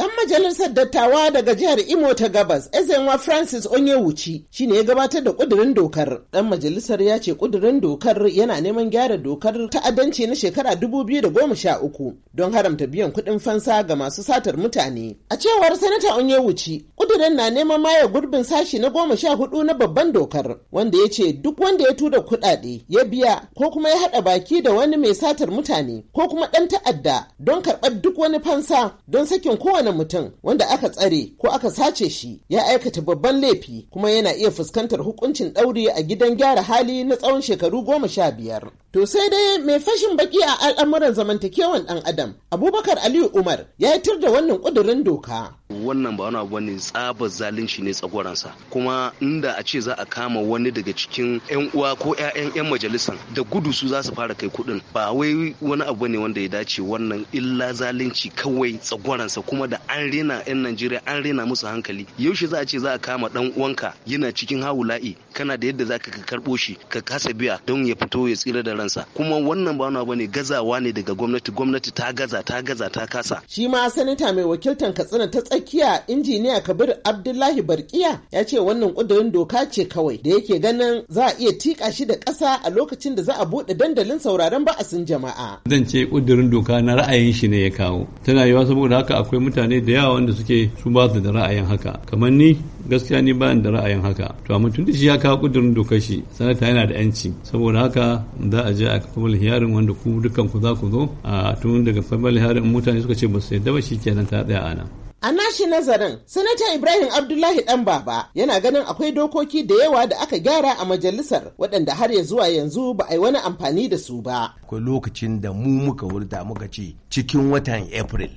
Dan majalisar dattawa daga jihar Imo ta Gabas, Ezenwa Francis Onyewuchi, shi ne ya gabatar da kudurin dokar. Dan majalisar ya ce kudurin dokar yana neman gyara dokar ta'addanci na shekara 2013 don haramta biyan kuɗin fansa ga masu satar mutane. A cewar Sanata Onyewuchi, kudurin na neman maye gurbin sashi na goma sha hudu na babban dokar, wanda ya ce duk wanda ya tura kuɗaɗe ya biya ko kuma ya haɗa baki da wani mai satar mutane ko kuma ɗan ta'adda don karɓar duk wani fansa don sakin kowane kowane mutum wanda aka tsare ko aka sace shi ya aikata babban laifi kuma yana iya fuskantar hukuncin ɗauri a gidan gyara hali na tsawon shekaru goma sha biyar. To sai dai mai fashin baki a al'amuran zamantakewan ɗan adam Abubakar Aliyu Umar ya yi tur da wannan ƙudurin doka wannan ba wani abu ne tsaba zalunci ne tsagoransa kuma inda a ce za a kama wani daga cikin yan uwa ko ƴaƴan yan majalisan da gudu su za su fara kai kuɗin ba wai wani abu ne wanda ya dace wannan illa zalunci kawai tsagoransa kuma da an rena yan Najeriya an rena musu hankali yaushe za a ce za a kama dan uwanka yana cikin hawula'i kana da yadda zaka ka karɓo shi ka kasa biya don ya fito ya tsira da ransa kuma wannan ba wani bane gazawa ne daga gwamnati gwamnati ta gaza ta gaza ta kasa shi ma sanata mai wakiltan katsina ta tsakiya injiniya kabir abdullahi barkiya ya ce wannan kudurin doka ce kawai da yake ganin za a iya tika shi da ƙasa a lokacin da za a buɗe dandalin sauraron ba'asin jama'a zan ce kudurin doka na ra'ayin shi ne ya kawo tana yiwa saboda haka akwai mutane da yawa wanda suke su ba su da ra'ayin haka kamar ni gaskiya ni bayan da ra'ayin haka to amma tun da shi ya kawo kudurin dokar shi sanata yana da yanci saboda haka za a je a kabal hiyarin wanda ku dukkan ku za ku zo a tun daga kabal hiyarin mutane suka ce ba su yadda ba shi kenan ta tsaya a nan A nashi nazarin, Sanata Ibrahim Abdullahi ɗan baba yana ganin akwai dokoki da yawa da aka gyara a majalisar waɗanda har ya zuwa yanzu ba a yi wani amfani da su ba. Akwai lokacin da mu muka wurta muka ce cikin watan April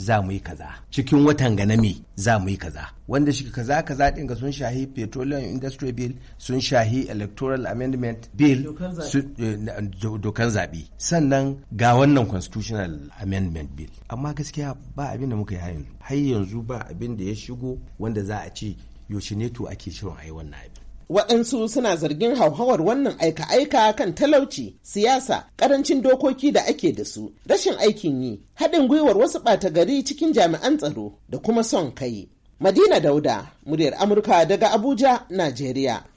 za mu yi kaza cikin watan ganami za mu yi kaza wanda shi kaza kaza din ga sun shahi petroleum industry bill sun shahi electoral amendment bill dokan zabi eh, sannan ga wannan constitutional amendment bill amma gaskiya ba abin da muka yi yanzu har yanzu ba abin da ya shigo wanda za a ce yaushe ne to ake shirin ai wannan abin waɗansu suna zargin hauhawar wannan aika-aika kan talauci siyasa ƙarancin dokoki da ake da su rashin aikin yi haɗin gwiwar wasu ɓata gari cikin jami'an tsaro da kuma son kai madina dauda muryar amurka daga abuja najeriya